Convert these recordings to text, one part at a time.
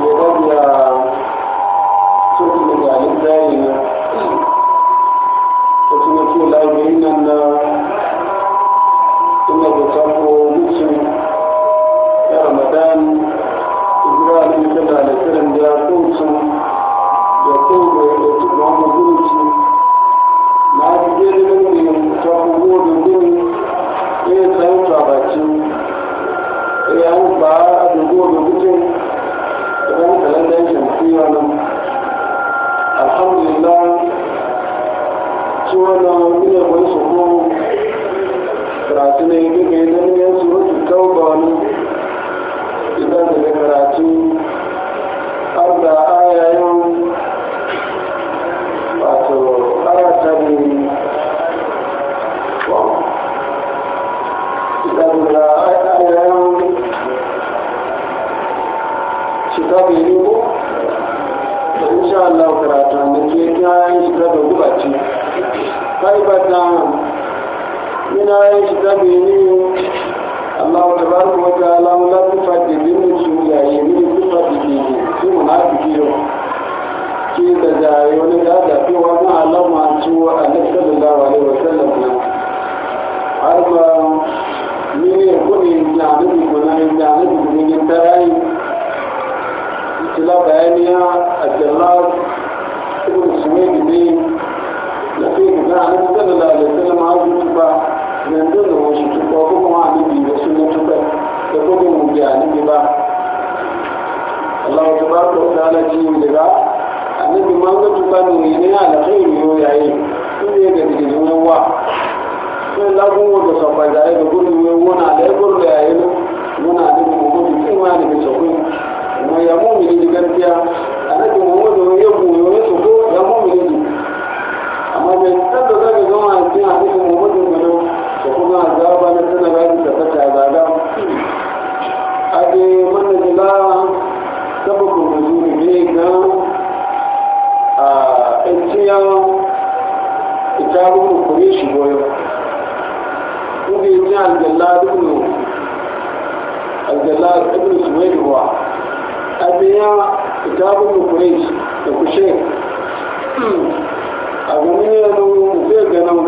ya bari a social media ne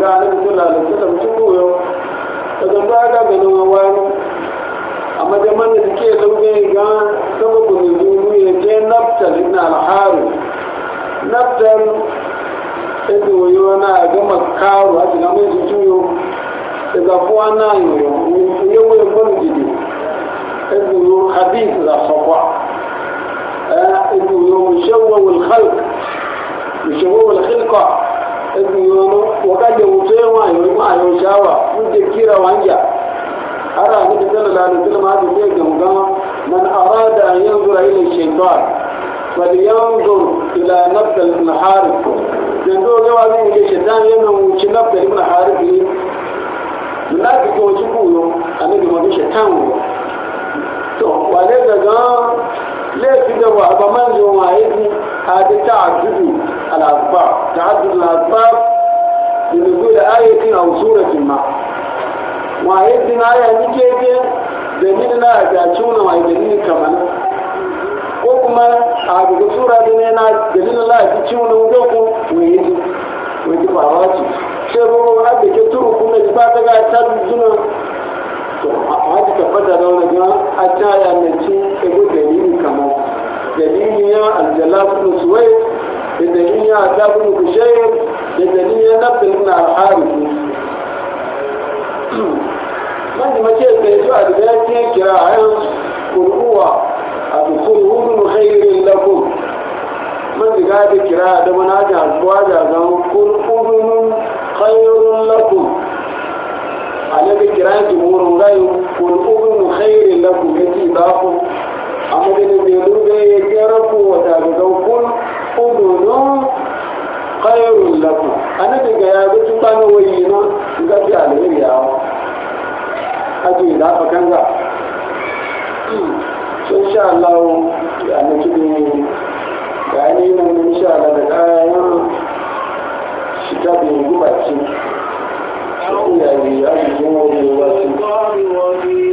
ga annabi sallallahu alaihi wasallam tun goyo daga ba ga ganin wani amma da man da ke dauke ga sababu ne duru ya je naftal ibn al-haru naftal sai goyo na ga makaru a cikin mai tuyo daga kuwa na yoyo ne ko ya bani jidi ابن خبيث لا صفاء ابن مشوه الخلق مشوه الخلقة ابن wakaje wuce wayo wayo shawa mun je kira wanja ara ni da sallallahu alaihi wasallam hadu ne ga mun gama man arada an yanzura ila a falyanzur ila harith dan do ga wani ne shaytan yana wuce nafs harith ne ko ji wo to wale da wa ba manzo wa yi hadita ajudu al-asbab ta'addud al-asbab بنزول آية أو سورة ما وآيتنا آية نكيبية دليلنا أجاتون وآيتنا كمان ko kuma a daga sura da na dalilin la ji ciwon wuce ko mai yi mai ji ba wace sai ko a da ke turu kuma ji ba ta ga ta tuna to a da wani a ta ya ne ci dalilin ya بدنية عتاب بشيء بشير بدنية نبت بن الحارث من ما كيف تيسوع ذلك كراعي قل هو أدخله من خير لكم من قاعد كراعي دمنا عجل فواجع قل أذن خير لكم على ذكران جمهور غير قل أذن خير لكم يتي عمر بن لبيد يركوا وتابعوكم خذوا خير لكم أنا بقيادة تطانو وينا نقضي عليه يا أجي لا فكان ذا إن شاء الله يعني كده يعني إن شاء الله الآية شتاب يجب أن تكون يعني أجي جمهور الواسي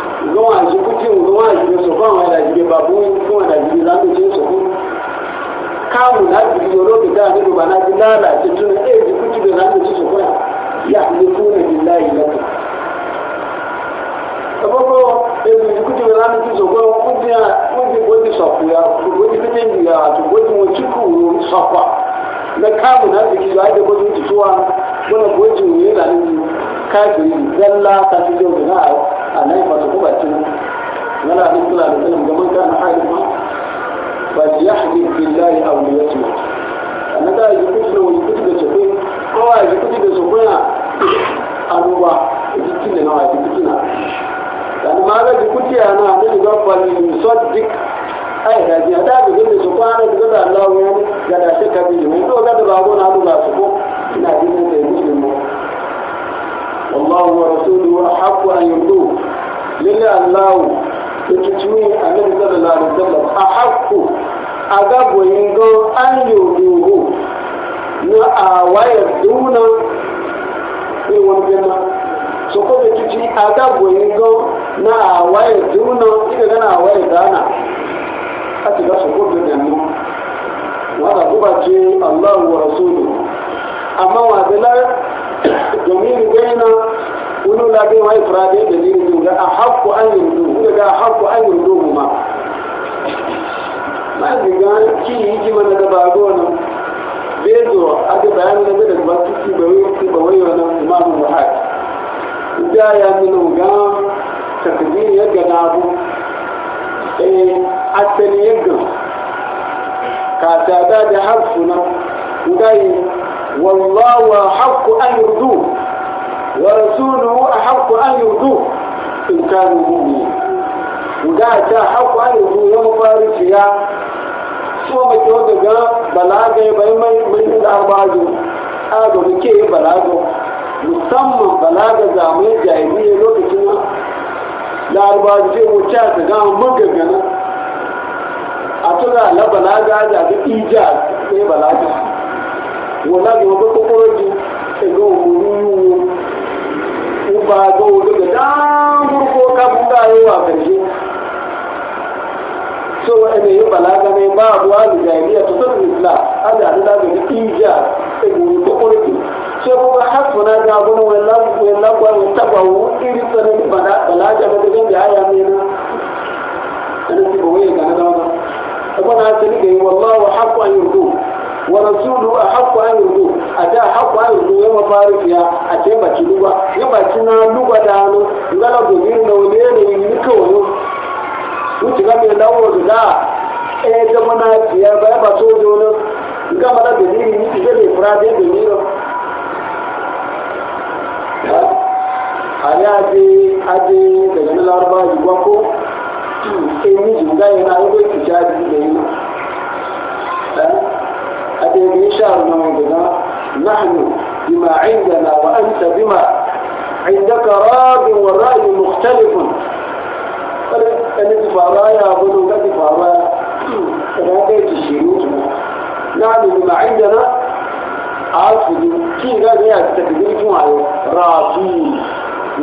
ló wà ju kúkí òun ló wà ju sọ fún àwọn ẹlẹ́dìgbé bàbá òun fún ẹlẹ́dìgbé lánàá tí ó sọ fún. káwọn láti fi olóògbé dáa nínú bàbá náà ti láàlà ti tún ní èyí kúkí bẹ̀rẹ̀ lánàá tí ó sọ fún yà ní fún ẹ̀mí láì lọ́kàn. ọgbọ́gbọ́ èyí kúkí bẹ̀rẹ̀ lánàá tí ó sọ fún wọn ti wọn ti wọ́n ti sọ̀kù ya wọ́n ti fi ní ìyá àtúwọ́n ti wọ́n ti kú sọ̀kù na kamu na fi kiyo aje ko tutuwa wala ko ji ne da ni kafiri zalla ta fi yau da na annabi ba ta kuma cin nana abin suna da sanin gaman ka na haifa ba su ya haɗe billahi a wani ya ce annan ka yi kuɗi da wani kuɗi da shafe kowa ya yi kuɗi da shafe na aruba jikin da nawa jikin na dan ma ga kuɗi a na annabi ba ba ni musaddiq ai da ji hada da gani su kwana da Allah ya da shi kabi mu to ga da babu na والحق أن يردوه الله الله أحق أن يردوه في soko na gana a ti ga soko wani na bai wa ifradi da lirin ga a an yurdu ga ga a an yurdu ma ma ga ki yi ji mana da bago nan bezo a ga bayan da da ba su ci bai su ba wai wannan imamu muhaj da ya nuna ga takdir ya ga na bu eh asali ya ga ka ta da harfu nan ngai wallahu haqqu an yurdu ورسوله أحق أن يؤذوه إن كانوا مؤمنين وقعت أحق أن يؤذوه يوم فارسيا سوى متوقع بلاغة بين من الأربعة هذا بكي بلاغة musamman balaga zamanin jahiliya lokacin larabawa sai wuce ta gama magagana a tuna balaga da ga ija balaga wala ga ga ba ga wuri da damar ko kafin ba yi wa karshe so wa'anda yi balaga ne ba abuwa da jahiliya ta sun isla an da hadu daga da injiya ta guri ta kurki sai kuma hasu na ga abu na wani lagwa mai taba wuri iri tsanin balaga da gajen da haya mai na ana ci ba wani ga na dama ta kwana asali ga yi wallawa haku an yi rasulu a haƙƙo an yudu a da haƙƙo an ya mafari fiya a ce baci luba ya baci na luba da hannu ngala gobin na wani yanayi ni kawai wuce ga mai lawo da da ɗaya eh, zama na fiya ba ya baci wajen wani nga mara dalili ni ije mai fura da dalilin ale ade na laraba yi gwako yana yi ko da yi أدين إن شاء الله عندنا نحن بما عندنا وأنت بما عندك راض والرأي مختلف فلنتفع فرايا أبدو كتفع فرايا فلنتفع الشيوخنا نحن بما عندنا أعطي كي قال هي التكبير راضين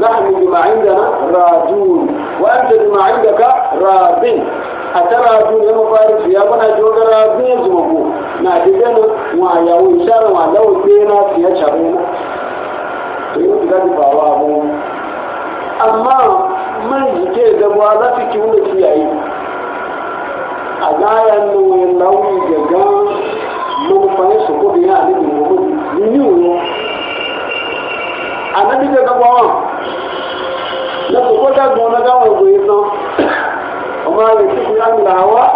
نحن بما عندنا راضون وأنت بما عندك راضين a tara ne mo fari su ya jogara du zuwa bu na diga no wa ya wo wa na fiye ya to yau diga di bawa mu amma man jike da ba la fi ki wuri a gayan no ya lawo ya ga mun fari su ko biya ne mu ni wo anabi da gabawa na ko da gona ga san ma yasifu an lawa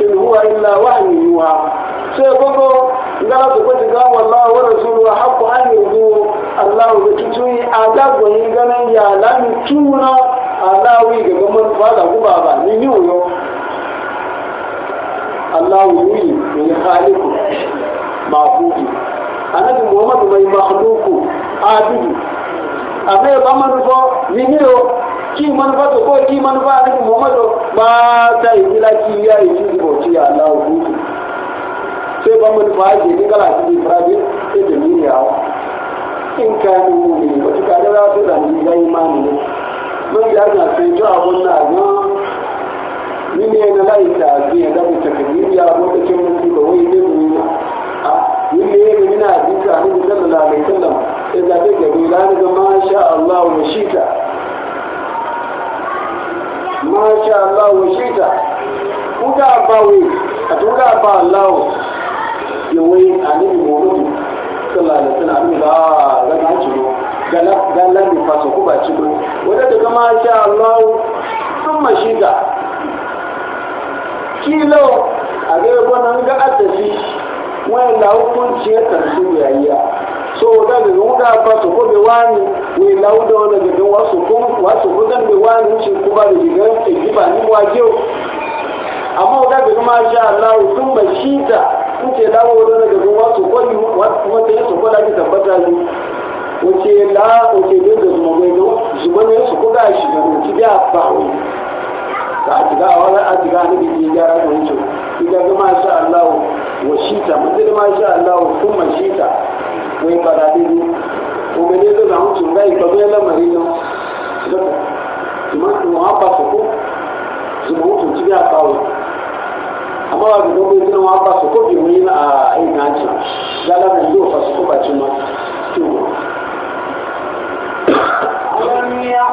in huwa illa wahyi yuha sai gogo ngala to ko diga wallahi wa rasulu wa haqqu an yuhu allah ga kituni aga goyi ganan ya lan tuna alawi ga gaman fada guba ba ni ni yo allah yuhi man ba to ko ki man ba ni muhammadu ba ta yi ya yi ki ko allah ku sai ba ji ni fara sai da ni ya in ka ni mu ko ka da ta ni ga imani ne mun ga sai to abun na ga ni ne na lai ta ji da ta ki ya ko ko wai ne mu a ni ne ni na ji ka ni sallallahu alaihi wasallam sai da ta ga ni la Allah wa masha Allah wa shida kuka ba wai a tuka ba Allah ya wai mu mu sallallahu alaihi wasallam ba ga na ciro gala gala ni fa so ku ba ciro wanda daga masha Allah sun ma shi mashida kilo a ga wannan ga addashi wannan hukunci ya tarsu yayiya so daga ga ba so ko be wani wí láwùjọ ọ̀nà gẹ̀gẹ́ wọ́n sòkún wọ́n sòkún da wá ní ṣe kó bá lè gẹ̀gẹ́ èjìbà nínú ma o àmọ́ ọ̀gá gẹ̀gẹ́ shi ta. Kun ce mọ̀ ṣíìtà da daga láwọ̀ ọ̀nà ko wọ́n sòkún yìí wọ́n ti da sòkún láti tàbátà yìí wace la wace ne da zuma mai su zuma ne su da shi da ruki da ba wai ka tiga wala a tiga ne bi gyara da wuce idan ga sha Allah wa shita mun da sha Allah shi ta. wai ba da ni umeeleza za mtu ambaye kabela marino sasa tumaku hapa soko zumu mtu kibya kawo amma wa bidogo ina wa hapa soko bi muina a ah, eh, ina acha dala na ndio fa soko ba chuma tu alam ya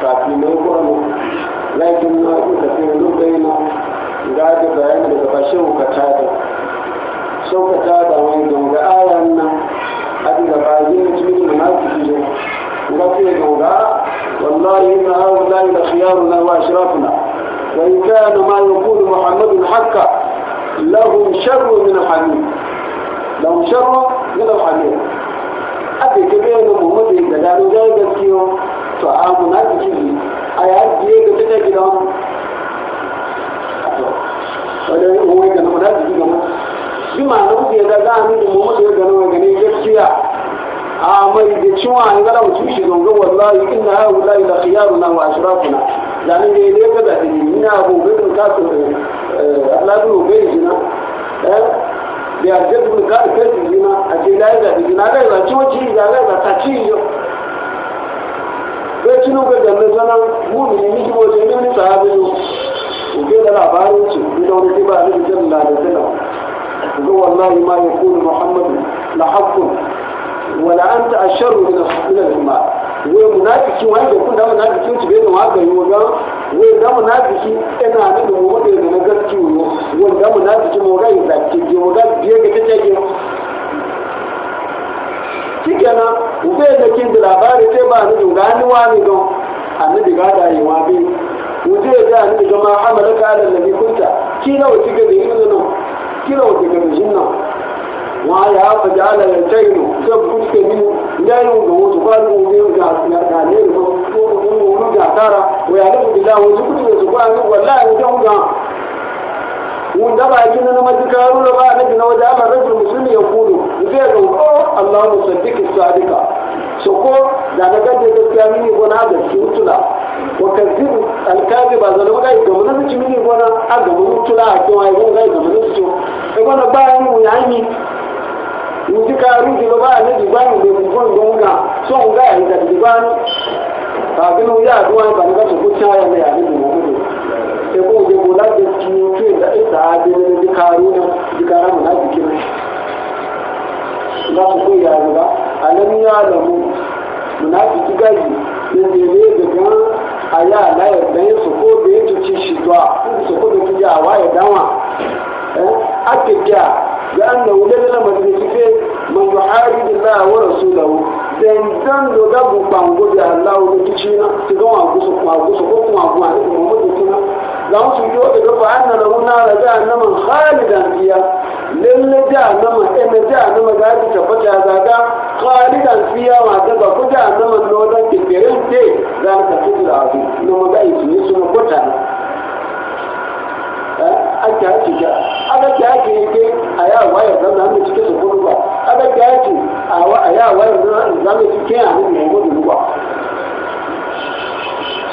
kafin mai kwano laifin na ku tafi lubaina ga da bayan daga bashin ka tada sau ka tada wani ganga ayan nan a daga bayan cikin na kuɗi ga fi ganga wallahi na hau lai da khiyaruna wa ashrafuna وإن كان ما يقول محمد حقا لهم شر من الحميد لهم شر من الحميد أبي كبير محمد إذا قالوا جاي بسيهم to a munafiki a ya biye ga tuna gidan wadda wai ga munafiki ga mun bi ma na kuke da za a nuna muhammadu ya gano ga ne gaskiya a mai da ciwa an gara mutum shi zonga wallahi inna ha wallahi la khiyaruna wa ashrafuna da ne ne ne ka da ni ina abu ga kan kasu Allah bi obe jina eh bi arjatu ga kasu jina a ce da ga jina da ga ciwo ci da ga ta ci yo gacinu ga jannu sanan mumini miji bo sai ni sahabi yo ku ga da labarin ci da wani ba ni janna da sallam ku ga wallahi ma ya yakunu muhammadu la haqqun wala anta asharru min min al-umma wai munafiki wanda kun da munafiki ci bai da waka yi wa wai da munafiki ina da mu da na gaskiyo wai da munafiki mu ga yi da ke ga biye ga take shi kenan ube da kin da labari sai ba ni dunga ni wani don annabi ga da yi wabi wuje da annabi ga ma hamala ka da nabi kunta kila wuce ga da yin nan kila wuce ga da yin nan wa ya fa da ala ya tainu sai kuske ni yayin ga wuce ba ni wuce ga ya ka ne ko ko ko ga tara wa ya da bi da wuce kudi da su ba ni wallahi dan ga ودبا كنا نما تكارو لبا نبنا وجعل الرجل المسلم يقول زيد أو اللهم صدق الصادق سوكو da na gaje gaskiya mini gona da cutula wa kazib alkazi ba zan ga ga mun ci mini gona a ga mun tula a kewa ga ga ga mun ci to gona ba ni mu yi mu ji ka ruji ba ne ba ne mu so ga ya da ji ba ni ba ga mu ya duwa ba ga su ku ya ne ya ni wo láti fi ojú ìta adéwọ́n ní káró náà ní kárá mọ̀ láti kí wọn. lásìkò ìyá àgbà alẹ́ ní àlọ́mú mùnáfi ti gáyì lórí ilé gbẹ̀gbọ́n ayé àláyé bẹ́ẹ̀ sòkòbè tó ti ṣètò à sòkòbè tó ti àwa ẹ̀dáwọ̀n akeke a yanda wule na mace suke man yuhari billahi wa rasulahu dan dan do ga bu bango bi Allah da kici na ti ga wa gusu ko kuma ku ani Muhammadu kuma لهم سجوء na أن له نار جهنم خالدا فيها lalle jahannama ina jahannama za ta tafi ta zaga khalidan fiya ma ta ba ku jahannama no dan kidirin ce za ta tafi da abu na mu ga ne eh, a waya da ba waya da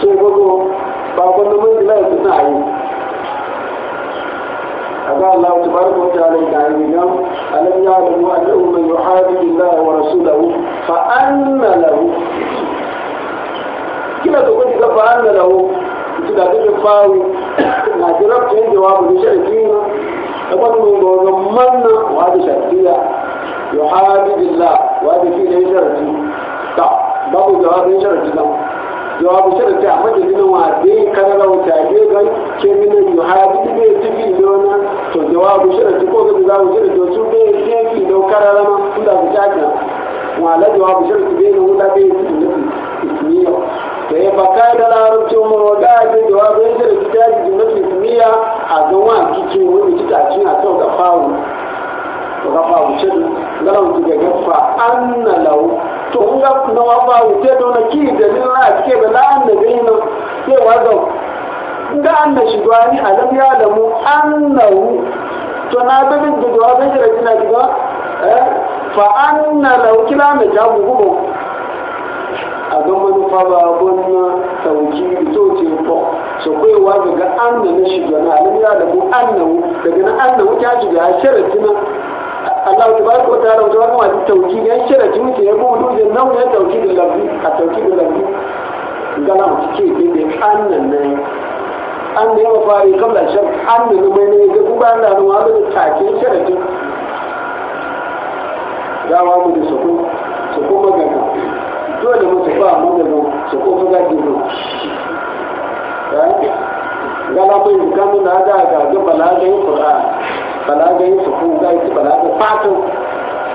a ba باقول له من لا يتساعي أقال الله تبارك وتعالى تعالى ألم يعلم أنه من يحارب الله ورسوله فأن له كما تقول فأن له تبقى تفاوي na jirabta yin jawabu da shirkina da wannan gogon manna wa da shirkiya yuhadi billah wa da fi da shirki ta babu jawabin shirki nan jawabu da ce a sharta majalisar wa dai karara wata ke gan ke mina yi hadi ne fi da wani to jawabu da ce ko gaba za mu da ce su bai fi da karara ma inda mu tafi wa la jawabu da ce bai na wuta bai tafi da ismiya ta yi baka da larabci mu roga da ce jawabu sharta ta ji da ismiya a ga wa kike wani kitaci a kyau ga fawo to ga fawo ce galan ku ga fa na lau to kun ga na wa wuce da wani ki da ni na ake da la an da na ke wa ga an da shi gwani alam ya da mu annahu to na da bin da wa ban jira kina eh fa anna law kila me ta gugu ko a ga mun fa ba gonna tauki to ce ko so kai wa ga an da shi gwani alam ya da mu annahu eh? daga na annahu ta ji ga sharatin Allah tabaraka wa ta'ala wajen wani masu tauki ya shirya jinsi ya bu duje nan ya tauki da lafi a tauki da lafi gana mu cike ke da annan ne an da yawa fari kabla shan an da mai ne da kuma na da da take shirya jin dawa mu da su su kuma gaga dole mu tafa mu da mu su kuma gaga mu gana mu kan na da ga ga balaga Qur'an balaga ya tafi ga ya balaga fatu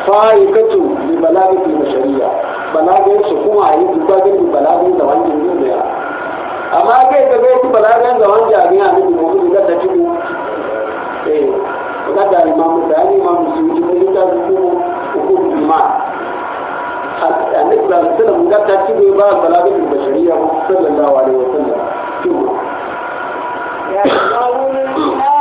fa'ikatu li balaga fi shari'a balaga ya kuma yi duba ga bi balaga da wannan din da ya amma eh, yi ka yi balaga da wannan jami'a ne annabi Muhammad da ta cikin eh ga da imamu da mamu su yi cikin ta hukumu hukumu iman annabi sallallahu alaihi wasallam ga ta cikin ba balaga da shari'a sallallahu alaihi wasallam ya Allah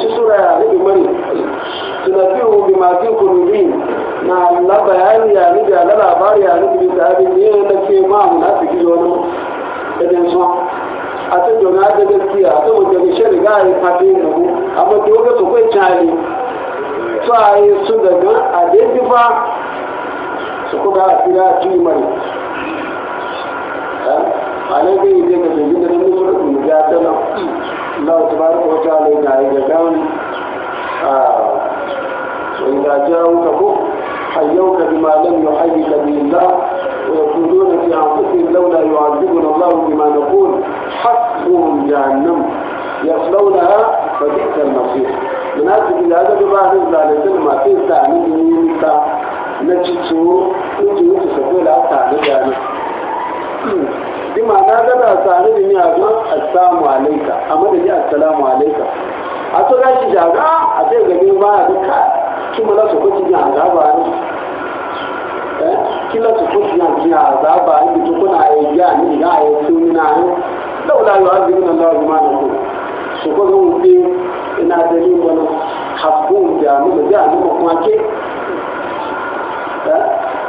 sura ya nabi mani tunafihu bi ma fi qulubi na la bayani ya nabi la labari ya nabi bi sahabi ne na ke ma munafiki wani idan so a ta jona da gaskiya a ta wajen shari ga yi fadi na ku amma ke wajen su kai cari su a yi su daga a daidifa su kuka a fira tuyi mani a nan zai yi daga jirgin da nan musu da kuma ya tana الله تبارك وتعالى إذا كان آه، وإذا جاءوك بخ حيوك بما لم يحيك به الله ويقولون في أنفسهم لولا يعذبنا الله بما نقول حسبهم جهنم يصلونها فبئس المصير من هذا الأدب بعد ذلك ما في تعليم نجد أنت سبيل على تعليم bi ma'ana kada a sami da ni a zuwa assalamu alaika a madadi assalamu alaika a to ga shi jaga a sai ga ni ma da ka kin mala su kuci ni azaba ni eh kin la su kuci ni azaba ni to kuna ai ya ni ga ai su ni na ni laula yu'adhibuna Allahu ma nakum su ko ga mu bi ina da ni wannan hakkun da mu da mu kuma ke eh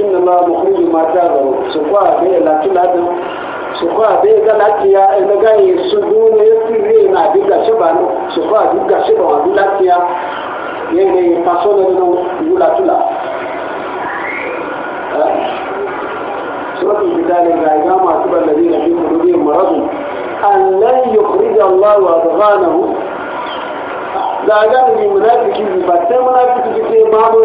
inna ma mukhrij ma tazaru su kwa be la tuladu su kwa be ga la tiya ina e ga yi e su dune ya tire na diga shi ba no su kwa diga shi ba wa la tiya ye ne e paso da no yula tula suratul bidal ga ga ma tubal ladina fi qulubihim maradun an lan yukhrij Allahu adghanahu da ga ni munafiki ba sai munafiki sai babu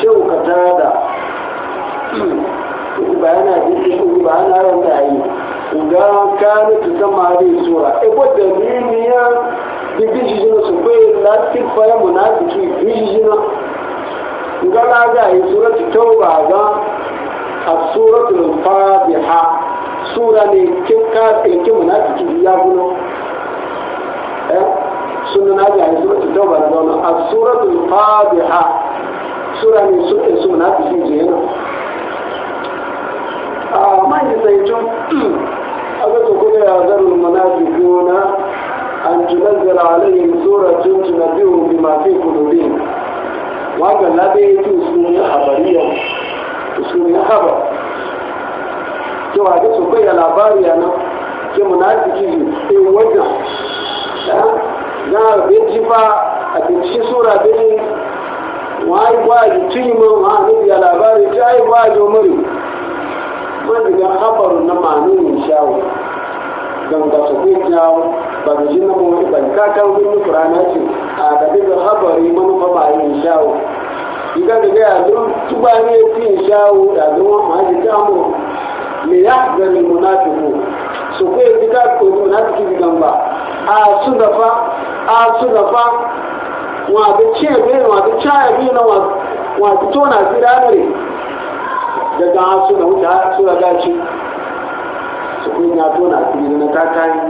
shehu ka tada bayana jiki ko bayana ran da yi ga kare ta a da sura e ko da ni ya bigi shi ne su ko la ti fara munafiki bigi shi ne ga la ga yi sura tauba ga A suratul fatiha sura ne ke ka ke munafiki ya gulo eh sunna ga yi sura tauba ga as-suratul fatiha sura ah, mai so so na fi jin jiyana a man yi sai tun na ga to kuma ya zaru munafiquna an tunazzala alaihim suratun bima fi qulubihim wa ga labe yake usulun habariya usulun ya to a to kai ya nan na munafiki ne eh wajen na beji fa a sura beji wai gwaji tuni ma ma ne da labari ta ai gwaji muri man daga habaru na manu ne shawo don ga su ko jawo ba da jin mu ban ka kan gudu qur'ana ce a da daga habari man fa ba ne shawo iga daga ya don tuba ne tin shawo da don ma ji ta mu me ya ga ni munafiku su ko yi ka munafiki gamba a su da a su da wato ce biyu wato caya biyu na wato tona firamare daga hasu na wuce hasu na gaci su kun ya tona fiye na kakari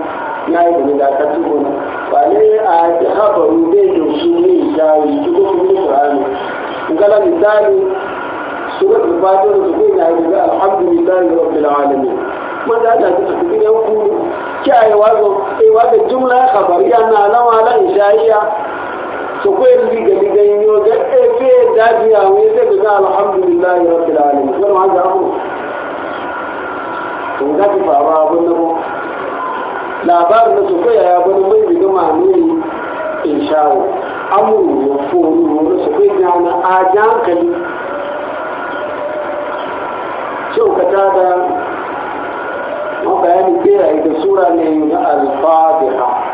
ya yi gani da aka tuko na wale a yi habaru bai da su ne ya yi tuko su ne kurani in kala misali surat al-fatiha su kun ya yi gani alhamdulillahi rabbil alamin kuma da aka tuko su ne e ya kuru kyaye wazo sai wazo jumla khabariya na sokoyin diga diga yin yau da efe daji a wani sai da za alhamdulillah ya rabbi da alim zan ma za e mu to da ki fara abun nan labarin da sokoya ya bani mai diga mani in shawo amuru ya foru wani sokoyin ya na ajan kali shaukata da mabayani beraye da sura ne na alfadiha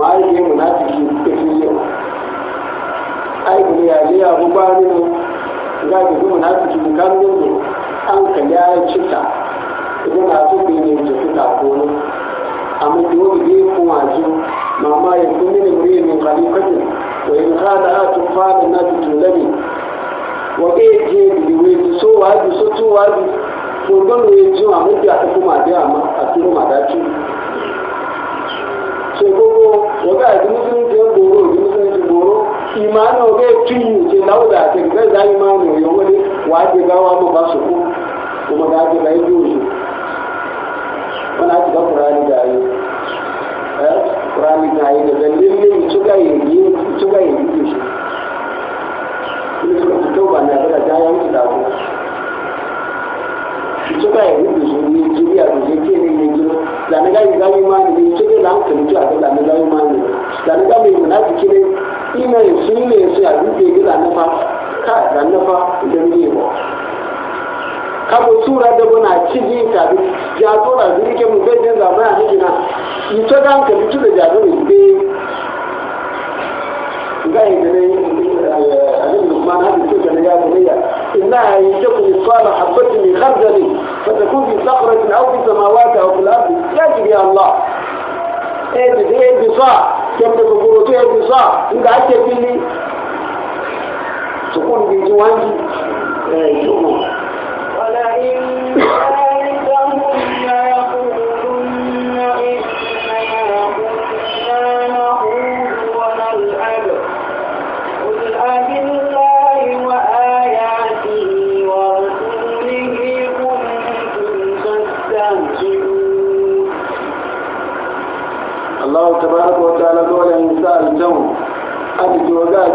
waye ne munafiki kake ai ne ya ne abu ba ne ga ga munafiki kan ne an ka ya cika idan na so ne ne ta ko ne amma dole ne ko wajo mamma ya kunni ne muri min khalifatin wa in khada atfal na tulani wa ke je di we so wa so to wa ṣe gbogbo ọ nke ti ń nke ìdúnmùsùn ti gbòòrò ìmáàna ọ̀gá ètú na ṣe láwùdà àti ìgbẹ́ ìdá ìmáàna òyìn owó ní wà á gbégbá wa ló bá sòkó ọmọ gà á gbégbá ẹbí òyìn wọn láti bá kura ní gàáyé ẹ kura ní yanzu da nigeria da ke ke ne na gani gani ma ne ne ce ne na hankali ji a da na gani ma ne da na gani mu na jiki ne ya ga na fa ka ndị a cikin na ni ga ne النبي لقمان هذه الزوجة اللي قالوا هي إنها ينشق مثقال حبة من فتكون في صخرة أو في السماوات أو في الأرض يجب يا الله ايه ايه, إيه، بصاع كم تقولوا ايه بصاع انت عايز تقول تكون بيجوانجي ايه شكرا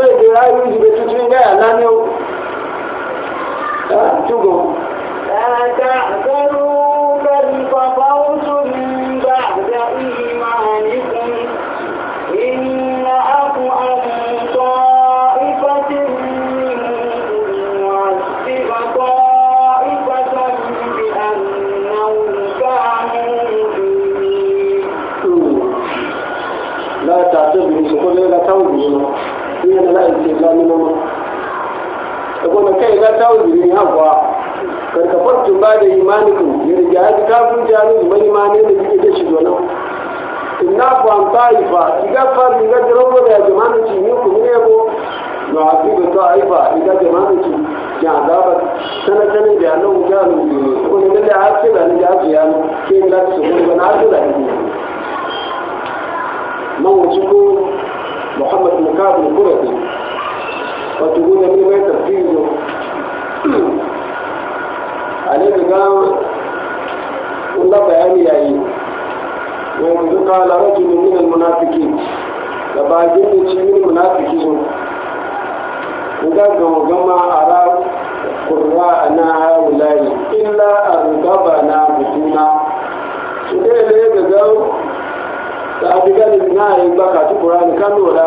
ko ye dira yi yi be tutu ne ya nani o ha dawo jirin hawa karkafattun ba da imanikun ya rage ya ji kafin jami'in mai imanin da suke da shi donan inna kwan ta'ifa iga fari ga jirgin da ya jama'a ci ne ku ne ko na hafi da ta'ifa iga jama'a ci ya azaba sana sanin da yana wuta ne ko ne da haske da ne da haske ya ke da su ko na haske da ne man wuce ko muhammad mukabul qurati wato gona ne mai tafsiri a ne daga wannan bayani ya yi wani yanzu ka larabci ne minan munafiki da ba gini ci min munafiki sun ga gama a ra'a a na wulayi illa a rugaba na mutuna su ɗaya ne daga da abu gani na yi baka ci kurani kan lura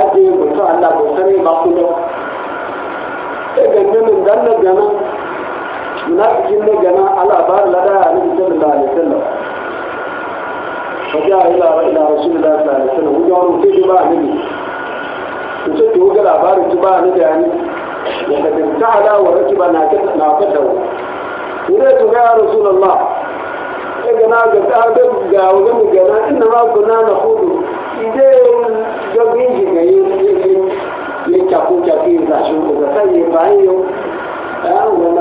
ajiye mutum Allah bai sani ba kuma sai ganye min dan na gana munafikin na gana da lada a nabi sallallahu alaihi wasallam faja ila ila rasulullahi sallallahu alaihi wasallam wuya wani sai ba nabi sai ke wuga labarin ci ba nabi ani ya ka tinta da wa rakiba na ka na ka dawo ne to ga rasulullahi sai gana ga ta ga wani gana inna ma kunna na hudu idai yo dije que yo le chapucha aquí la suya, está ahí yo, a ello,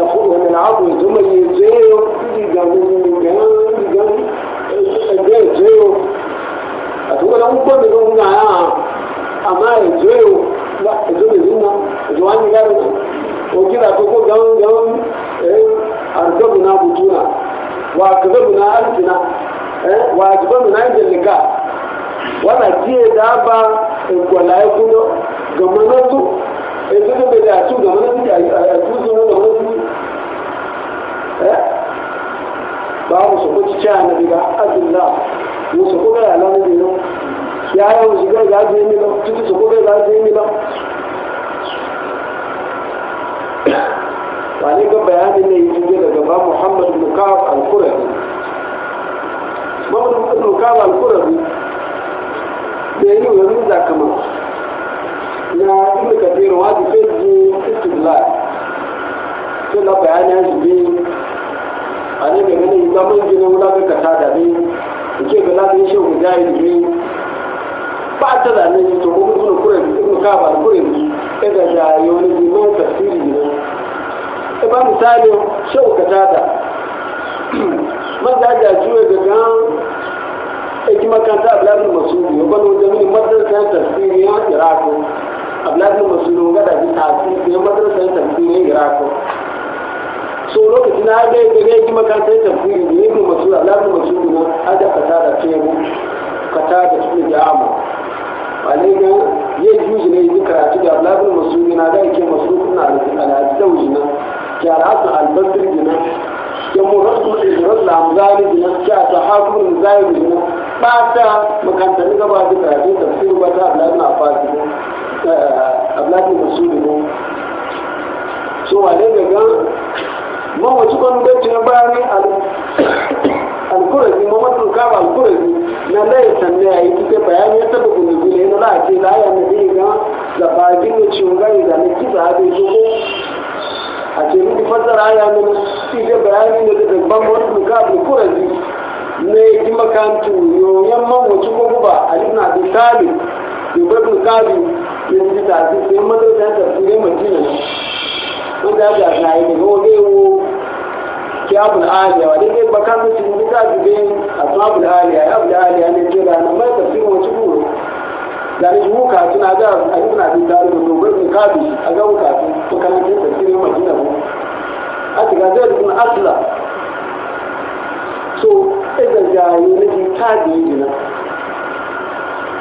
da bagin da cungayi da na kisa a bai joko a ce miki fassara ya nuna ita bayani da daga bambam duka abu kurazi ne ki makarantu yoyon mamaci ko guba a ibn abi talib da ibn kabi ya ji ta ji sai madarsa ta tafsirin madina ko da ga na yi daga wajewo kiyabul aliya wa dai bakan mutum duka ya ne na mai zari mu ka tuna da an na bi da da to gurin ka bi a ga mu ka to kan ke tafsirin madina mu a tiga zai kun asla so da ga yi ne ki tabi dina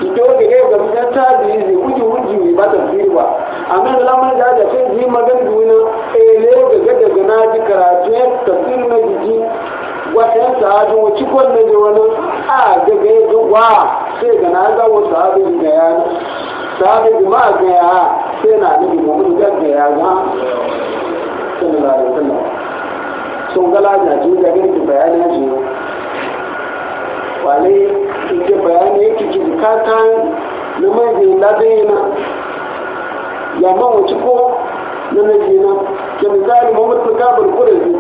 ito ga ga ga mun tabi ne uji uji ne ba tafsiri ba amma da lamun da da sai ji magan duna eh ne ga ga daga na ji karatu tafsir na jiji wata sa'adu ci kon ne wani a ga ga wa sai ga na ga wasu abin da ya sabi ma ga ya sai na nabi muhammadu ga ga ya ga sallallahu alaihi wasallam sun gala na ji da gani bayanin shi wale ke bayani yake ki bukatan na mai ya ma wuce ko na nabi na ke misali muhammadu kabul kurezi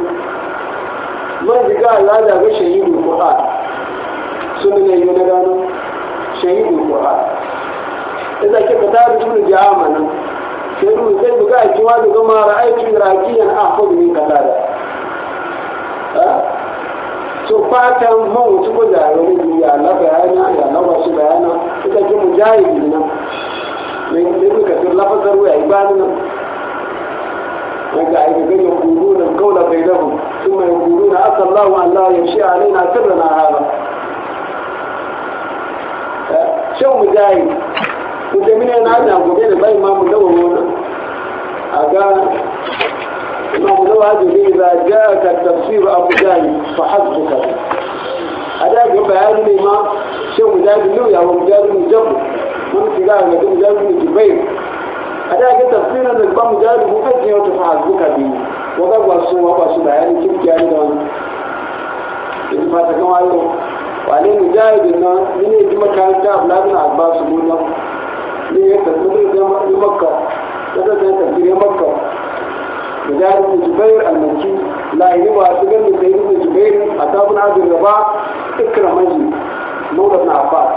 man diga Allah da ga shahidu Qur'an sunan yayin da gano shahidin qur'an idza kika tabi tun jama nan sai ruhu sai buga a kiwa da gama ra'ayi rakiyan ahfaz min qatada so fatan mun wuce ko da yau ne ya Allah bayana ya Allah wasu bayana ita ki mujahidi nan mai ibn kasir lafazar waya ibani nan daga aiki ga yakuruna qawla bainahum thumma yakuruna asallahu an a yashi alaina sirrana hada shan mujayi musulmi ne na da gobe da bai mamu da wani a ga imamu da wani zai za ja ka tafsir abu jayi fa hasbuka a da ga bayanin ne ma shan mujayi ne ya wa mujayi ne jabu mun shiga ga mujayi ne jibai a da ga tafsirin da ba mujayi mu kaje wata fa hasbuka bi wa ga wa ba su bayanin kirkiya da wani in fata kan wane mujahidin nan yana yi makaranta abu lamin abbas gona ne ya tafi zai zama yi makka ta zai zai tafi ne makka mujahid da jubair almaki la'ayi ba su gani da yi da jubair a tafi na zai gaba ikira maji maulat na abbas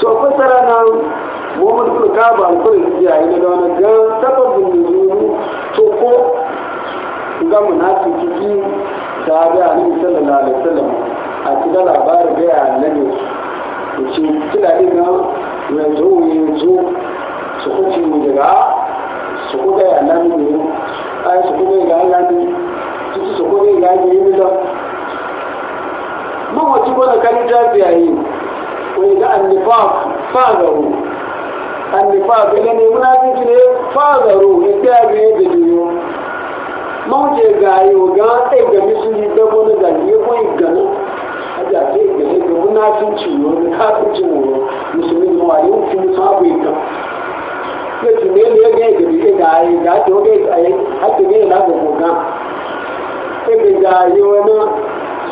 so fasara nan muhammad kuma kaba an kuri iyaye yi da wani gan sababin nuzuru to ko ga munafi munafiki sahabi annabi sallallahu alaihi wasallam a cikin labarin gaya annabi ce kila din nan yanzu yanzu su kuci mu daga su kuga ya nan ne ai su kuga ya nan ne titi su kuga ya nan ne da mun wace gona kan ta biya yi wani ga annifaq fadaru annifaq ne ne munafiki ne fadaru ya ta biye da duniya mawuce gaye ga ɗai ga misiri da wani zagi ya kuma gano a jafe gane ga munafinci wani kafincin wani musulmi ma wani fi musabu ya kan ya tune ne ya gaya gabi ya gaye ga ta wani ya tsaye haka ne na ga koga ya ga gaye wani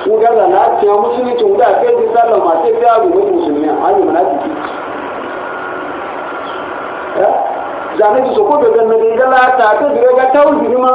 sun gaza na cikin musulunci wuda a kai sallah masu ya fi abu musulmi a hajji munafiki zane su ko da ganin gala ta ta zira ga tawul ma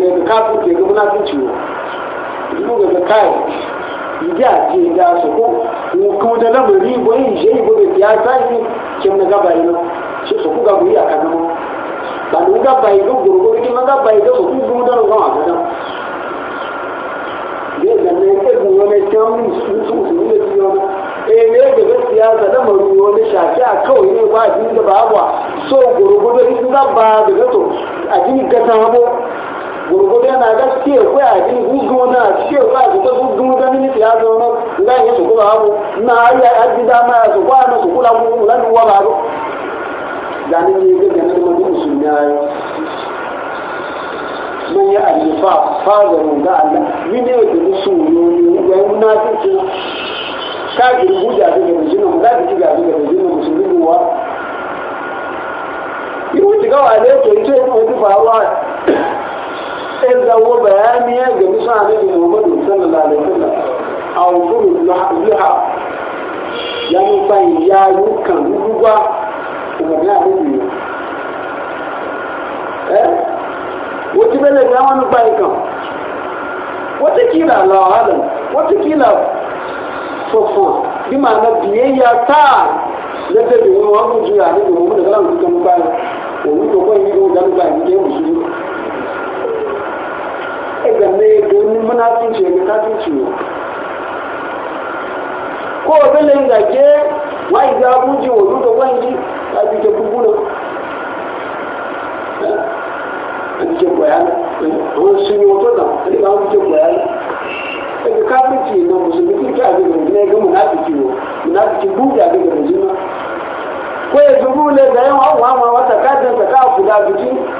ne ga kafin ke ga munafici wo ilu ga ga kai ije a ce ga su ko ko da lamari ko yin shi ko da ya sai kin na gaba ina shi su ku ga buri a kan mu ba ni ga bai ga gurguru kin ga bai ga su ku gumu da ruwa ga dan ne da ne ke gumu ne kan su su su ne biyo eh ne ga gaskiya da lamari wani shafi a kawai ne ba jin da ba so gurguru in ga ba da to a jin ga gurguda na aga ke kwa ji gugu na ke kwa ji ya na na yi su kula abu na ya ya ji ma su na su na mu su na yi mun ya alifa fadaru ga Allah ni ne da musu yoyo ga munafiki kafiri ga adị ndị Iwu na sai wo bayani ya ga bisa annabi Muhammadu sallallahu alaihi wasallam a wuri zuha kan ruwa kuma ga annabi eh kan wata kila Allah fofo bi ma na biyayya ta da da wani wani juya ne da mu da kan kan ba wani to kai ni ẹgbẹ mi ego ní múnáfíìsì ẹgbẹ káfíìsì o kó o bẹ lẹyìn gàjẹ wọn ìgbà wọn yìí láti jẹ gbogbo lọ láti jẹ bọyá àwọn sinmi wọn tó dàn ẹni bá wọn jẹ bọyá ẹgbẹ káfíìsì náà mùsùlùmí kíkẹ́ àgbègbè ní ẹgbẹ múnáfíìsì o múnáfíìsì búùdì àgbègbè ya kó o gbogbo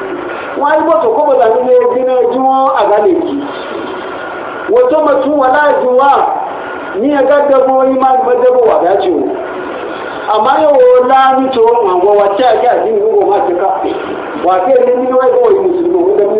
wọn á gbọ́dọ̀ kó bọ̀dà nílé gbiná jí wọn àgálẹ̀ jì wọ́n tó mọ̀ tún wọn láàjù wá ní ẹ̀ka dẹ́gbọ́n yín máa ń gbọ́ dẹ́gbọ́n wà dájú o àmọ́ yóò wọ láàánú tó àwọn wà tí àjẹ́ àdínú wọ́n máa ti ká wà á kéde nínú ẹgbẹ́ òyìn mùsùlùmí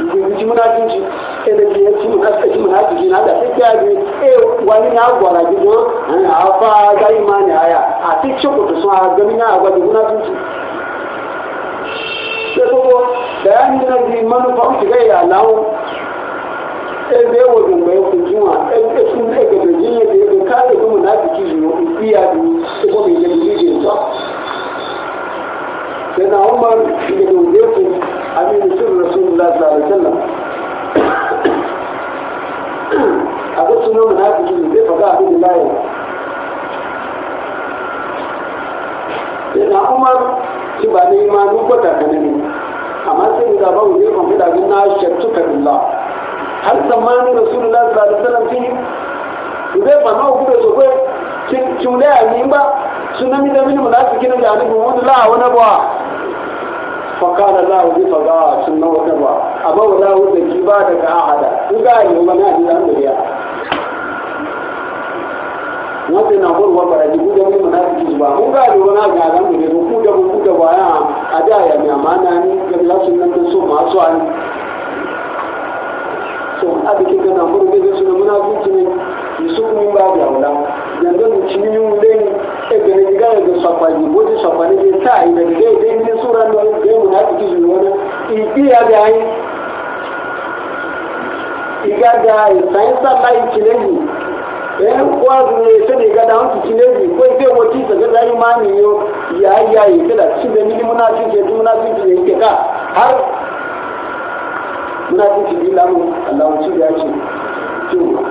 ndio mji mnajiji ele ndiye timu hasa timu haji na da pekee yake eh wani na gwara jibo hapa ga imani haya aticho kutuswa gamina agwa jibuna tutu sebogo bayani na ndi manufa utiga ya lawo ebe wo gbe ku juwa ebe sun ebe be jiye be be ka ebe mu na biki yo iya bi sebo be je bi je to sai na umar inde do aminu sirri rasulullah sallallahu alaihi wasallam a ga sunan munafiki zai faɗa abin da layi yana umar ci ba na imanu ko takana ne amma sai da ba mu zai kwamfuta abin na shattuka billah har zamanin rasulullah sallallahu alaihi wasallam shi zai faɗa ku da sokoi kin kin da yamin ba sunan da wani fakala za a zufa za a cin na wata ba amma wala wuta ki ba daga ahada ga yi mana a jiran da ya wata na kurwa bara ji ku da mu mana ki ba ga yi mana ga ran da ku da ku da a da ya mi amana ni ga la sunan da so ma so an so abike kana kurwa da sunan ne yusuf mun ba da wala yanzu mu ci mun dai ebere ga ga sọpa ji bo ji sọpa ni ji ta ile ga ga ni sura no ga mu na ji ju wona ibi ya ga yi iga ga yi sai sa mai kileji eh kwa ne se ni ga da on kileji ko ite wo ti se ga ni ma ni ya ya yi kada ci da ni mu na ji ke mu na ji ji ke ka har mu na ji ji lamu Allah ci ya ci to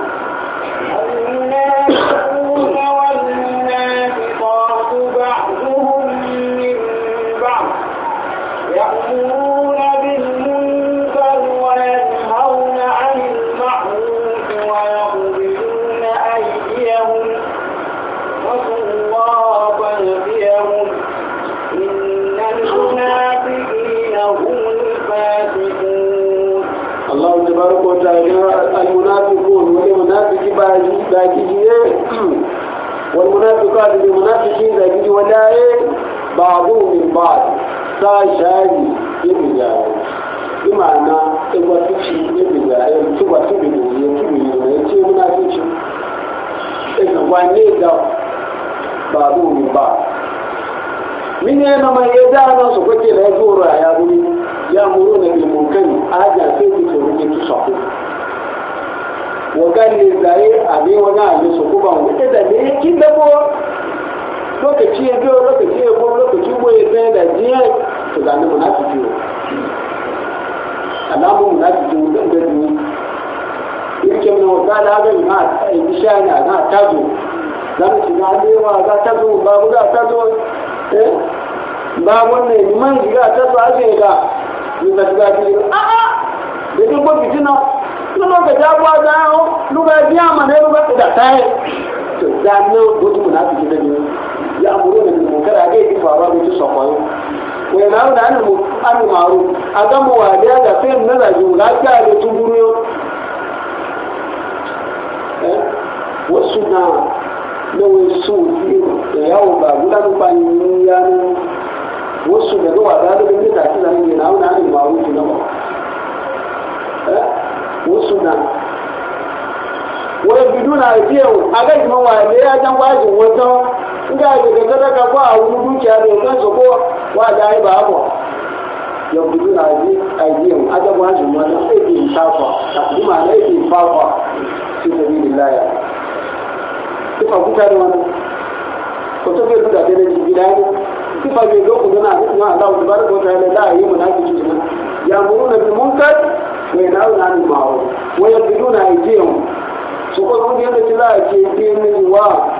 rinjaye babu min ba sa shari ya rinjaye imana igwa tuci ya tuba tubi da na ya ce muna tuci ina da babu min ba min ya nama ya dana su kwake da ya zoro a ya muru na bilmunkani a hajjar sai ku tsoro ne tusa ku wa ya zaye a ne wani a yi su kuma wani da ne lokaci ya biyo lokaci ya biyo lokaci ko ya zai da jiya to ga nuna nasu alamun nasu biyo don da biyo yake mai wata da yi tazo za mu shiga za ba mu za eh? ba wannan shiga ake ga ta shiga a'a da duk ba fitina tun lokaci abuwa za oh, a mana ya da ta yi ya'muruna bil munkar a dai faruwa da su sakwai wa yanhauna 'anil anil ma'ruf a ga mu wadiya da sai mun da ji lafiya da tuburu wasu na na wasu da yawo ba gudan bayan yanu wasu da zuwa da da bin da kila ne na wani hannun ma'ruf na ba wasu na wọ́n fi dúnà nga daga sadaka ko a wani dukiya da ko wa da yi ba abu ya na ji aidiyan adabu hajji ma na sai ke shafa kudu ma na fafa su sabi laya tufa kuka da wani ko ta bai da ji gida ne tufa bai ga na ta baraka ta da za a ya muruna wa yanaruna ni ma'ruf wa yabduna aidiyan su za a yi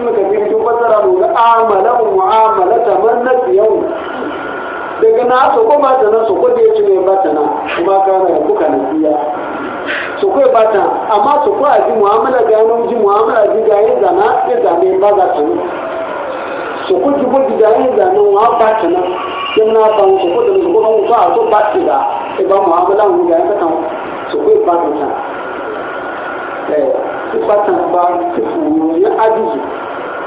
ibn kabir sun fassara mu da amalan mu'amalata man nasiyau daga na so ko ba ta nan so ko da yace mai ba ta nan kuma kana da kuka nasiya so ko ba ta amma so ko aji mu'amala ga nan ji mu'amala ji ga yin zana ya zame ba za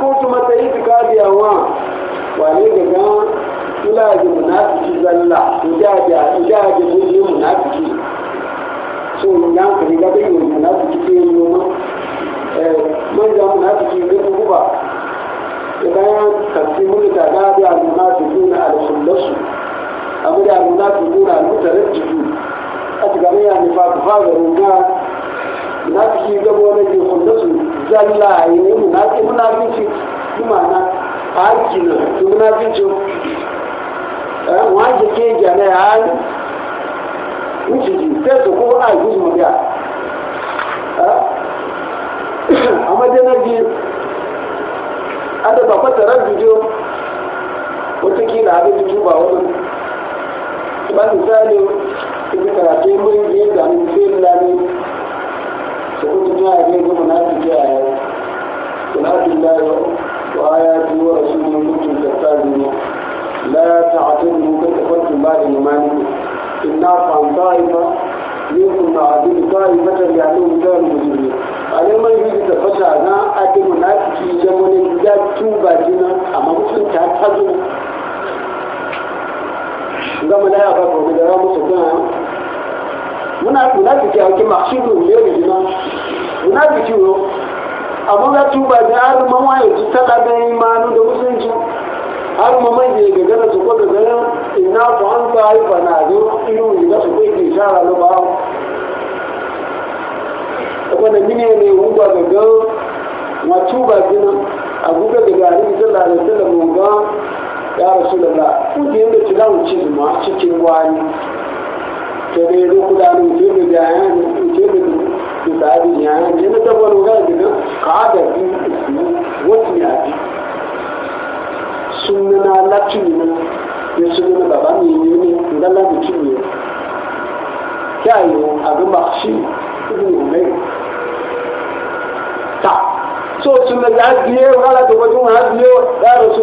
kutu mata itikadi ya wa wale daga ila ji munafiki zalla ijaji ijaji buji munafiki so yan kare ga bai yi munafiki ke yi ma eh manja munafiki ne ku ba idan kasi mun ta ga da munafikuna al-khullasu abu da munafikuna al-mutarajjidu a cikin ya ne fa fa ga ruka munafiki ga wani ke khullasu zalla a yi munafi munafici bi ma'ana a gina eh, su munafici wọn jẹ kí ẹjà náà á ń jìjì tẹ́sọ̀ kó àìsí mọ̀ bí a ọmọdé náà di adébà pàtàkì àdújọ ó ti kí làá bẹ́ẹ̀ túbà ó lọ ìbá ti sáré ibi kàràtó ìmú ìdí ìgbà ní ìfẹ́ ńlá ní. فقلت جاء بي منافق آية تنافي الله وآياته ورسوله كنتم تستاذنون لا تعتذروا قد كفرتم بعد إيمانكم إن عن طائفة منكم معذب طائفة لأنهم كانوا مسلمين أنا ما يريد تفشى أنا أدي منافق جمعنا إذا توبة جنا أما مسلم تعتذروا عندما لا يغفر بدرام سبحانه munafiki ake mahsubu ne ne jina munafiki wo amma ga tuba da a ma waye ji ta da imanu da musulunci har ma mai da su ko da an ba ai fa na zo iru ne da su kai isharar na ba ko da mine ne wuba ga tuba jina abu ga ga ari sallallahu alaihi ga ya rasu kuje da cikin wani kebe rukudanu jebe jayan jebe misali jayan jebe ta wani ga gina ka da bi wata ya bi sunna lati ne ya sunna baba ne ne ne da la mutum ne kyayo abu bakshi ibn umayr ta so sunna ya biye wala da wajen ya biye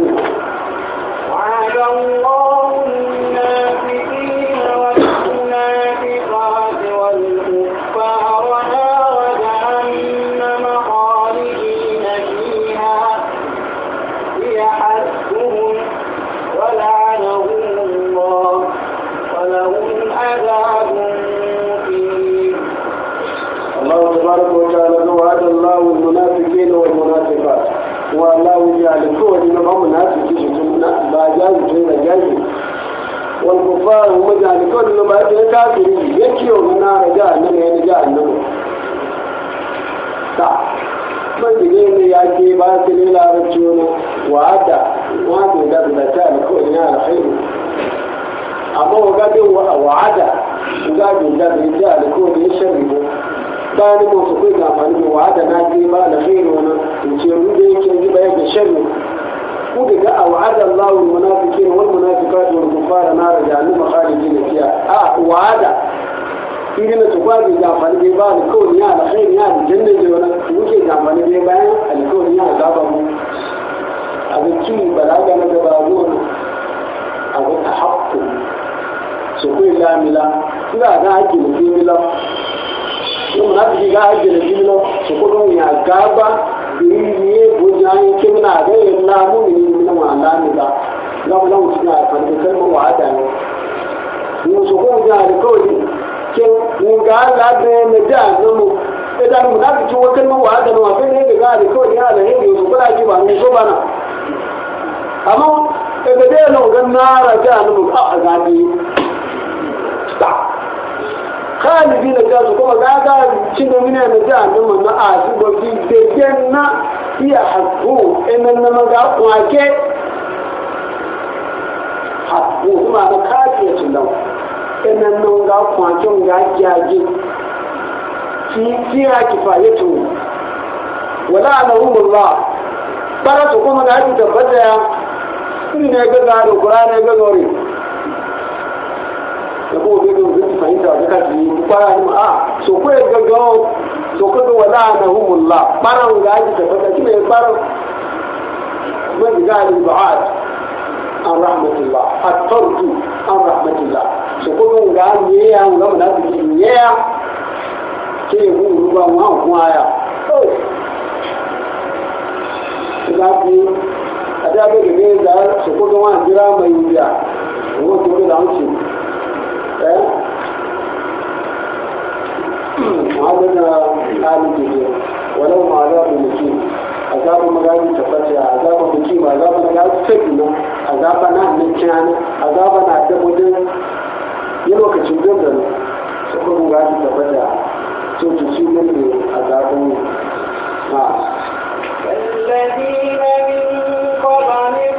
Why don't all والكفار هم ذلكون لما يجي كافر يكي ومنا جهنم يعني جهنم تا فجدين يأتي باسل إلى رجونه وعدا وعدا ده بتال كل نار خير أما وقد وعدا وقد ده بتال كل يشربه ثاني مصطفى قال وعدا نادي ما لخير ونا وتيرو ده يجي بيا بشره kuka ga a wa'ada Allahu munafiqina wal munafiqati wal kuffara nar jahannama khalidina fiha a wa'ada ingina su ba zai amfani da ba alkawari ya alkhairi ya aljanna da wani muke da amfani da bayan alkawari ya azaba mu a balaga na gaba zuwa a ga tahakku su kai lamila ina ga hakki da mila kuma na ga hakki da mila su kuma ya gaba ni bujan kimna yi yalla mu ni na wala ni ba ga mu lawo tuna fa ni kalma wa'ada ne mu so ko ga alkawli kin mun ga Allah da ne da zamu idan mu da ci wa kalma ne wa kai ne ga alkawli ya da hindi so kula ji ba mu so bana amma daga dai nan ga nara ga almu a gabi ta khalidi na ta su kuma gaga ci domina na ta annu mamma a su ba fi degen na iya hakku inan na maga kwake hakku kuma na kafi ya cilau inan na maga kwake ga gyage fi fiya kifayatu wala alahumullah bara su kuma ga ji tabbata ya ne ga zaro ne ga zore da ko zai zai zai fahimta da kaji fara ni a so ko ya ga gawo so ko da wala na humullah faran ga ji ta fata kina ya faran man ga ni ba'ad an rahmatullah at-tarku an rahmatullah so ko ga ne ya ga mun da ne ya ke hu ruba mu an kuma ya ga ki a da ga da so ko ga wani jira mai wuya ko ko da an وعدنا آل جزيرة ولهم عذاب مقيم عذاب مقام تفتح عذاب مقيم عذاب مقام سجن عذاب نعم نجان عذاب نعم دمجن يلوك جزيرة سكون مقام تفتح تجسي من عذاب نعم الذين من قبلهم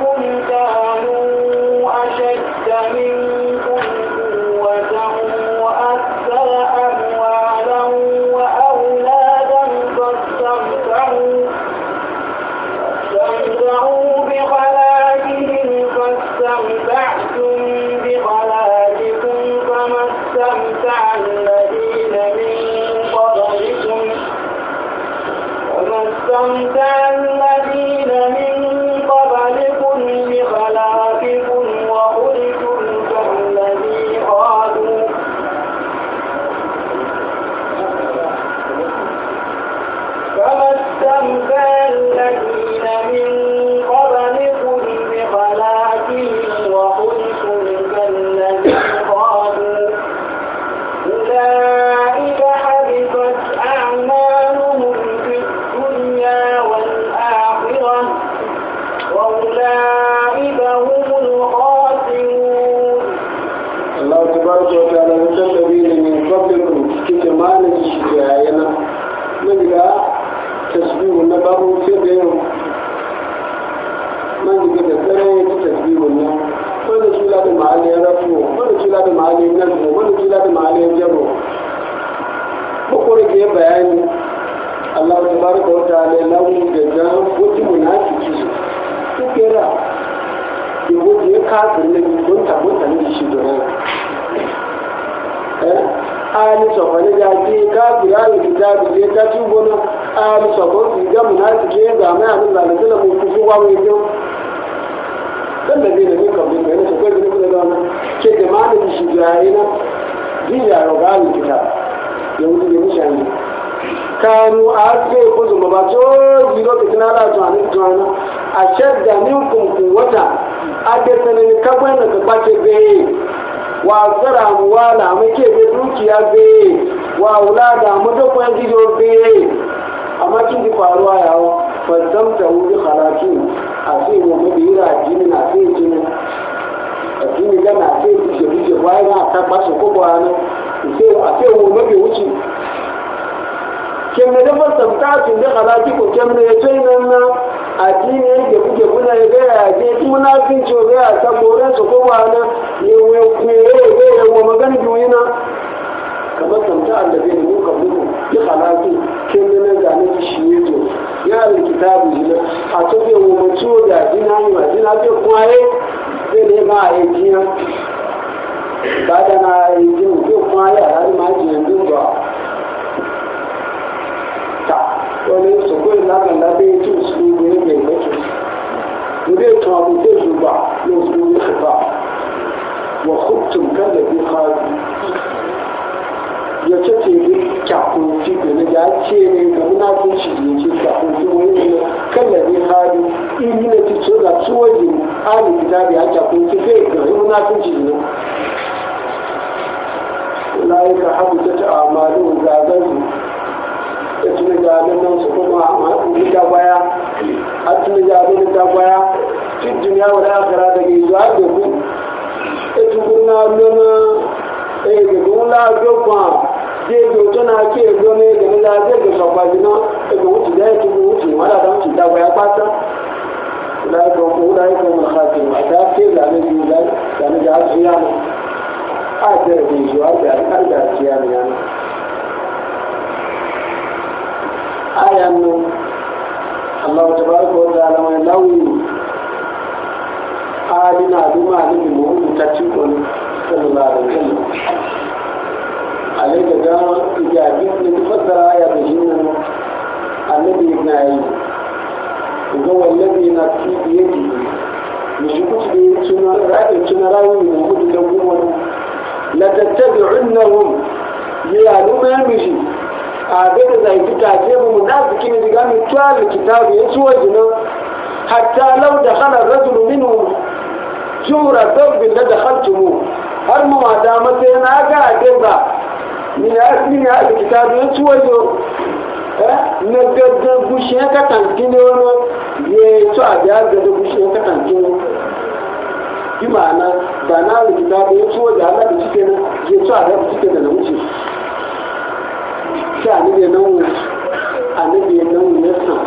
kafin da halaki ko kemre ya ce nan na addini ya gebu gebu na ya ga ya je ki munafin ce ga ya ta goren su ko ba na ne we ku ya ga ya wa magana biyu na kamar tamta annabi ne muka buku ki halaki kemre na da ne shi ne to ya da kitabu ne a to be wa mutu da dinani ma dinabe kuma eh zai ne ba a yi ba da na yi jin ko kuma ya har ma jin ba wani sọ̀kọ́ ìlànà lábẹ́ tí ba ní ilẹ̀ ìlẹ́tù ilé ìtàn àbúté ìjọba ní mùsùlùmí ṣùgbà wọ̀ hókùtùm kẹ́lẹ̀ bí káàdì ya ce ce yi kyakun fito na ya ce ne ga munafunci da yake kyakun fito wani ne kan da zai hali iri na fito da tsohon hali fita da ya kyakun fito ya gari munafunci ne yi ka haɓu ta ta'amalu tuna jabe nan su kuma ni da baya a tuna jabe ni da baya cikin duniya wa da akara da ke zuwa da ku e tukuna lona e ga kun la jokwa je do tuna ke do ne ga la je ga sofa jina e ga wuce da ke wuce wala da wuce da baya kwata la ga ku la ga mun khatim ta ke da ne ji da ne ga ziyana a da ji zuwa da kan da ziyana آية أنه الله تبارك وتعالى لو آلنا بما عليه المؤمن تتيقون صلى الله عليه وسلم عليك جاء إجابين لتفضل آية بجنة النبي ابن عيد وهو الذي نفسي بيده مشكوك بتنراوي من وجود لهم لتتبعنهم يا لما مشي أبدا آه، زي كتاتيب cikin ne kyalin min kitabu ya ci wajen hatta lau da khala rajul minhum jura dhabbi la dakhaltumu har mu ma da mata yana ga gaba ya asli ni al kitabu ya ci wajo eh, na gadda gushi ka tantine wani ya ci a ga gadda gushi ka tantine bi ma'ana da na al kitabu ya ci wajen Allah da cike na ya ci a ga cike da na wuce sai a ne nan wuce annabi ya nan nasa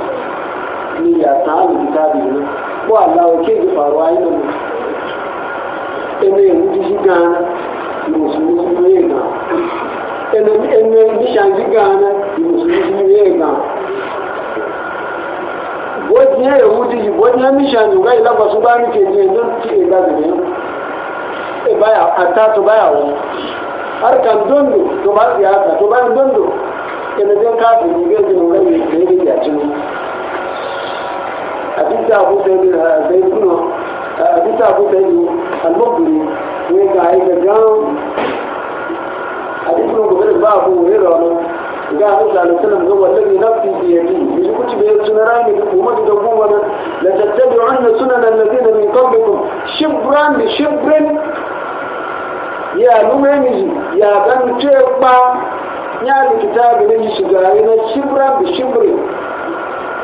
ni ya ta alu kitabi ne ko Allah o ke faruwa yi nan ene mu ji shiga musulmi su ne ga ene ene ji shanji ga na musulmi su ne ga wọ́n yẹ yahudi yìí wọ́n yẹ mísàánù gáyì lábàṣọ bá ní kejì ẹ̀ ló ti ẹ̀ lágbègbè ẹ̀ báyà àtà tó báyà wọ́n. arkan dondo tó bá ti àtà tó bá ń dondo ẹnìjẹ́ káàkiri gbèsè òun lẹ́yìn ìgbéyìí ìjà tó àbíta àbúté ní àgbẹ̀ ìkúnà àbíta àbúté ní àgbọ̀gbìn ní ìgbà ìgbà gan-an àbíkúnà gbogbo ìgbà àbò òwe rọ̀ ọ́nà ga a Allah da sunan zuwa lafi nafi biyadi yanzu kuci bai suna rani da kuma da goma nan la tattabi anna sunan allazina min qablikum shibran bi shibran ya lume ni ya gan ce ba ní àlùkìtàbí ní ṣùgbọ́n àríná ṣíbrà bí ṣíbrì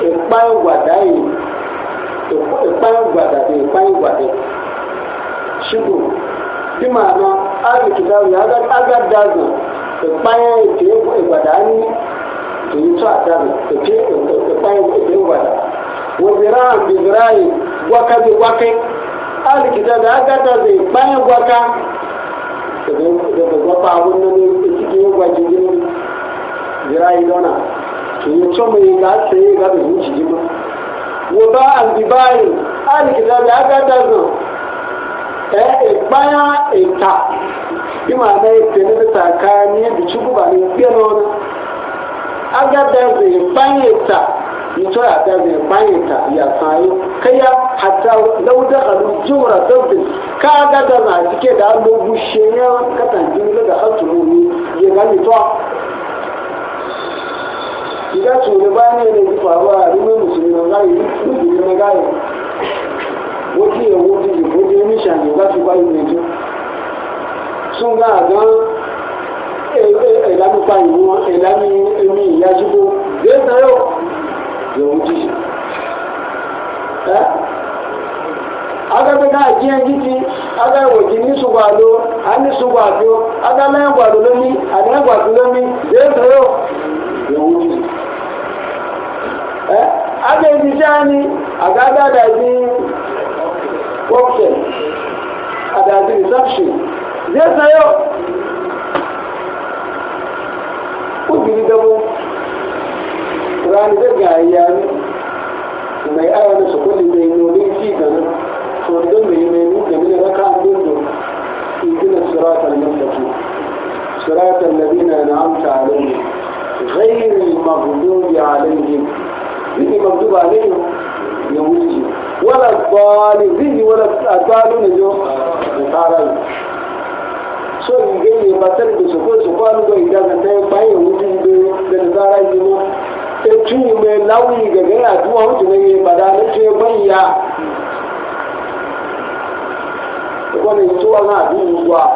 ìpá ìwàdà yìí ìpá ìwàdà bí ìpá ìwàdà ṣíbrù bí màá ná àlùkìtàbí agádàgbà ìpá ètè ìwàdà ní èyí tó àdàbà ètè ìpá ètè ìwàdà wòzìrà bìzìrà yìí wákàbí wákẹ́ àlùkìtàbí agádàgbà ìpá ìwàdà. daga gwapa abin da ne cikin yi gwaji yin yi dona to yi co mai ga sai ga da zuci jima wo ba an bi bayi an ki da ga ga da zo eh e baya e ta ima na e tene da ta ka ni bi chuku ba ni pe no na aga da zo e baya e ta ni to ya da zo e baya e ta ya sai kaya hatta law dakhalu jumra dabbin ka ga da na cike da an bushe ne katan jimla da hatulumi ya gani to idan su da bayan ne ne faruwa a rumin musulmi na gani musulmi na gani wọ́n yẹ wọ́n ti yìnbọn di oníṣàyàn láti wáyé nàìjọ́ ṣúngà àgán ẹ̀lámípa ìwọ̀n ẹ̀lámí ẹ̀mí ìyájúgbó gbé náà yóò yẹ̀wọ́n jíṣẹ́ aga ga ajiye gidi aga waje ni su gwalo an aga na gwalo lomi aga na lomi zai ya wuce aga yi jani aga da aga da reception zai tsoro kubiri dabo ranar da ga yayi mai ayyana su kullum da فوردن يمينوك من ركع منه اهدنا الصراط المستقيم صراط الذين أنعمت عليهم غير المغضوب عليهم ذي مغضوب عليهم يوجي ولا الضال ذي ولا الضالون يوم يتعرض so ìgbé yẹn bàtẹ́lì tó sọ̀kọ́ sọ̀kọ́ àlùkò ìdázẹ́tẹ́ báyìí òun ti gbé lẹ́nìdára yìí mọ́ etu ìmẹ̀ láwùjì gẹ̀gẹ́ àdúrà ó ti lẹ́yìn ìbàdàn ètò ẹgbẹ́ ìyá kone ituwa na adini gwa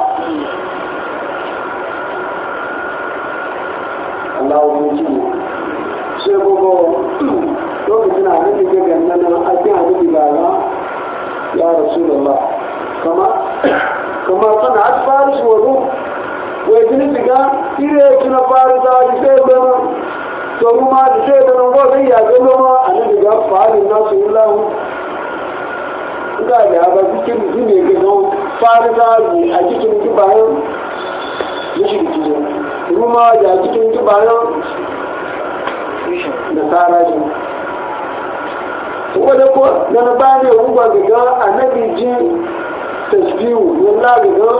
Allah ubiji sai gogo lokacin a nan ke ganna na ajin hadisi ga ya rasulullah kama kama sana asfaris wa ru wa idin diga ire kina farisa di sai gama to ruma di sai gama wa ya gama anan diga farin nga ya ba zikin zine ga zo fara zazi a cikin kibayen mushriki ne ruma ya cikin kibayen ne wani ko na ba ne ruba daga annabi ji tasbihu wala daga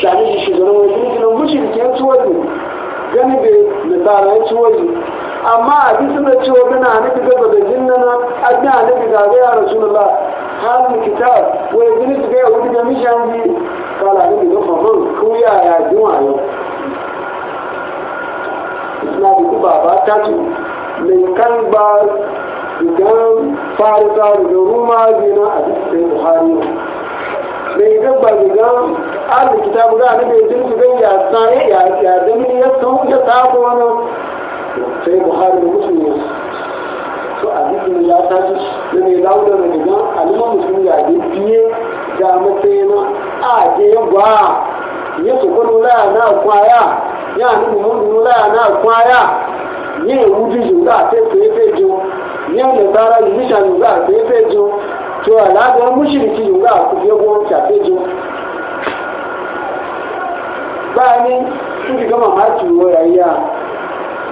shani shi shigar wani ke mushrikin tuwaji gani be da tsara amma a bisa da cewa gana annabi gaba da jinnana da ga ya halin kitab wa iblis ga yahudi da mishan bi kala ne da faman ko ya ya juma yau islami ku baba ta ce mai kan ba idan farisa da ruma zina a cikin buhari mai gaba gidan ahli kitabu da annabi ya jinsu dan ya san ya ya ya san ya sabo wannan sai buhari da musulmi so hadisin ya tashi na mai dawo da riga musulmi ya ji biye da matsayina a ke ya ya sokon ya na kwaya ya nufi mun wula na kwaya ya yi wuji jula a fefe fefe ya nasara nishan jula a fefe jo to alagar mushiriki jula a kufiye gwamnati ya fefe bayanin ní níbi gọ́mà máa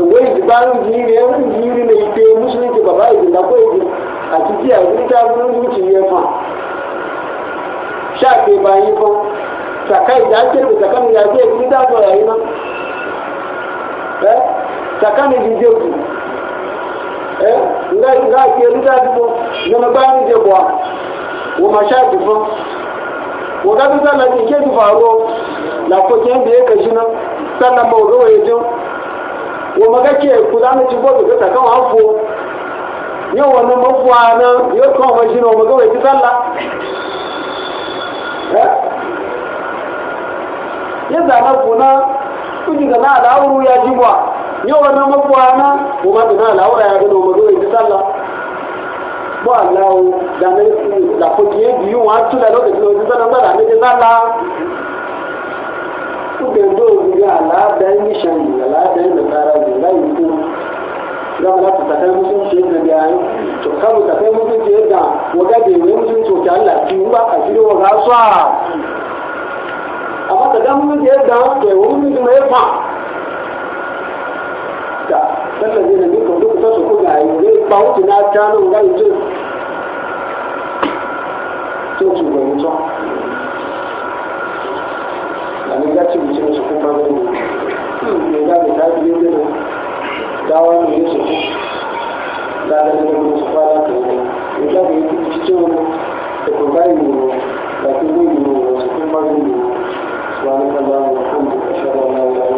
ìwé ìdìbánu yìí rẹ̀ ń yìí rí lè pe mùsùlùmí bàbá ìdìlápọ̀ èdè àti tí àìsíríkà burúkú ti yẹ fún un. ṣáàpì ìbáyé fún sàkà ìdájẹ́ ìsàkà mi àti ìdílé àgbọ̀ yàrá iná. sàkà mi di dé òkú. nga nga àti ìdílé àdúgbò lọ́mọ bá ń dé bọ̀ wọ́n máa ṣáàpì fún. wọ́n dábí sálà ní ìkéjì fàárọ̀ làkọ̀jẹ́ ń bẹ̀ẹ́ wo maga ke kudana ci bodo ga ta kan hafo yau wannan mafuwa na yau kan mashi na maga wai sallah ya zama kuna kuji ga na al'auru ya ji ba yau wannan mafuwa na ko ma na al'aura ya ga maga wai sallah ko Allah da ne la ko je biyu wa tula lokacin da sallah ba da ne sallah suka yi zo ga al'adar mishan al'adar da tsara da zai yi kuma zama ta kai mutunci yadda da yayin to kamu ta kai mutunci yadda waga da yi mutunci ta Allah ki ba ka shi wa ga amma ta ga mutunci yadda ke wani mutunci mai fa ta sallar da ne ko duk ta su ko ga yi ne ba wuce na ta nan ga yi to to ki ga mutunci sannan ya ce mace mace kuma ba ne mai za mu tafi ne da dawa ne ya su da da ne mu su fara ka ne yi kuɗi cewa da ku bayi ne da ku ne ne su kuma ba ne su kan da